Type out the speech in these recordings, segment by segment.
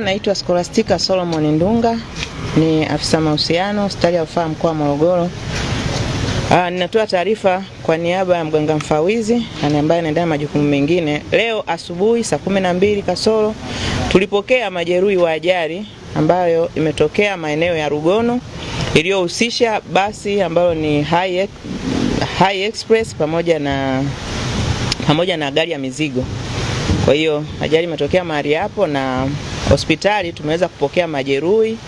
Naitwa Scholastica Solomon Ndunga, ni afisa mahusiano hospitali ya rufaa mkoa wa Morogoro. Ah, ninatoa taarifa kwa niaba ya mganga mfawizi ambaye anaendana majukumu mengine. Leo asubuhi saa kumi na mbili kasoro tulipokea majeruhi wa ajali ambayo imetokea maeneo ya Rugono iliyohusisha basi ambalo ni High, High Express pamoja na, pamoja na gari ya mizigo. Kwa hiyo ajali imetokea mahali hapo na Hospitali tumeweza kupokea majeruhi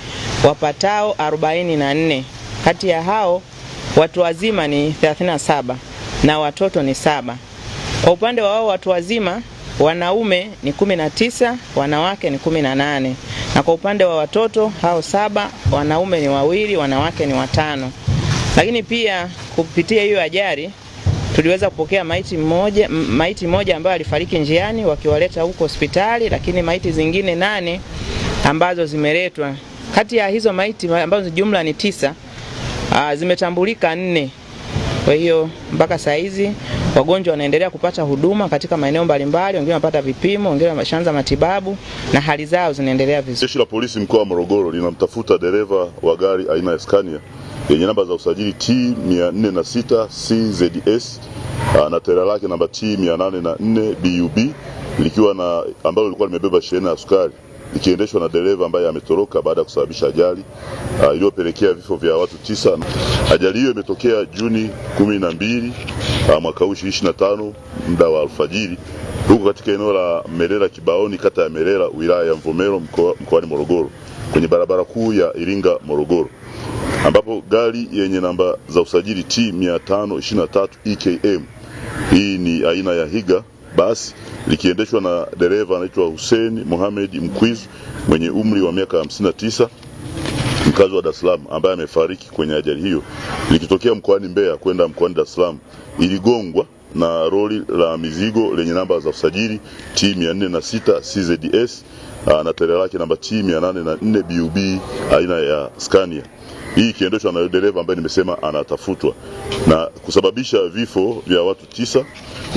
wapatao 44. Kati ya hao watu wazima ni 37 na watoto ni saba. Kwa upande wa wao watu wazima wanaume ni kumi na tisa, wanawake ni kumi na nane na kwa upande wa watoto hao saba, wanaume ni wawili, wanawake ni watano. Lakini pia kupitia hiyo ajali Tuliweza kupokea maiti mmoja, maiti mmoja ambayo alifariki njiani wakiwaleta huko hospitali, lakini maiti zingine nane ambazo zimeletwa. Kati ya hizo maiti ambazo jumla ni tisa, aa, ah, zimetambulika nne. Kwa hiyo mpaka saa hizi wagonjwa wanaendelea kupata huduma katika maeneo mbalimbali, wengine wanapata vipimo, wengine wameshaanza matibabu na hali zao zinaendelea vizuri. Jeshi la Polisi mkoa wa Morogoro linamtafuta dereva wa gari aina ya Scania yenye namba za usajili T 406 CZS na ah, tera lake namba T 804 BUB likiwa na ambalo lilikuwa limebeba shehena ya sukari likiendeshwa na dereva ambaye ametoroka baada ya kusababisha ajali uh, iliyopelekea vifo vya watu tisa. Ajali hiyo imetokea Juni kumi na mbili uh, mwaka huu ishirini na tano muda wa alfajiri huko katika eneo la Merera Kibaoni, kata ya Merera, wilaya ya Mvomero, mkoani Morogoro, kwenye barabara kuu ya Iringa Morogoro ambapo gari yenye namba za usajili T 523 EKM, hii ni aina ya Higa basi likiendeshwa na dereva anaitwa Hussein Mohamed Mkwizu mwenye umri wa miaka 59 mkazi wa Dar es Salaam ambaye amefariki kwenye ajali hiyo, likitokea mkoani Mbeya kwenda mkoani Dar es Salaam, iligongwa na roli la mizigo lenye namba za usajili T 406 CZDS na tele ah, lake namba T 804 BUB aina ya Scania hii ikiendeshwa na dereva ambaye nimesema anatafutwa na kusababisha vifo vya watu tisa.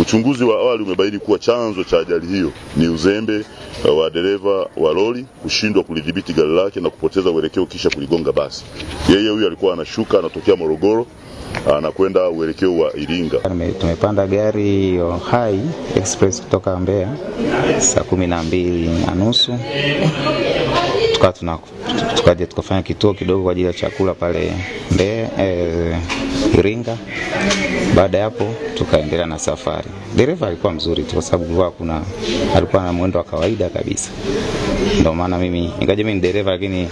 Uchunguzi wa awali umebaini kuwa chanzo cha ajali hiyo ni uzembe uh, wa dereva wa lori kushindwa kulidhibiti gari lake na kupoteza uelekeo kisha kuligonga basi. Yeye huyu alikuwa anashuka anatokea Morogoro anakwenda uelekeo wa Iringa. Tumepanda gari Hai Express kutoka Mbeya saa kumi na mbili na nusu tukaja tukafanya kituo kidogo kwa ajili ya chakula pale Mbeya eh, Iringa. Baada ya hapo tukaendelea na safari. Dereva alikuwa mzuri tu, kwa sababu kuna alikuwa na mwendo wa kawaida kabisa, ndio maana mimi ingaje mimi ni dereva, lakini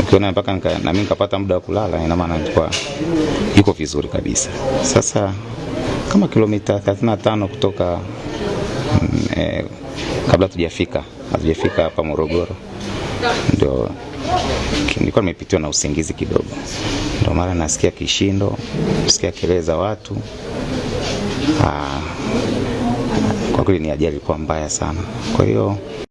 ukiona mpaka na mimi nikapata muda wa kulala, ina maana yuko vizuri vizuri kabisa. Sasa kama kilomita 35 kutoka mm, eh, kabla tujafika hatujafika hapa Morogoro, ndio nilikuwa nimepitiwa na usingizi kidogo, ndio mara nasikia kishindo, nasikia kelele za watu aa, ah, kwa kweli ni ajali ilikuwa mbaya sana, kwa hiyo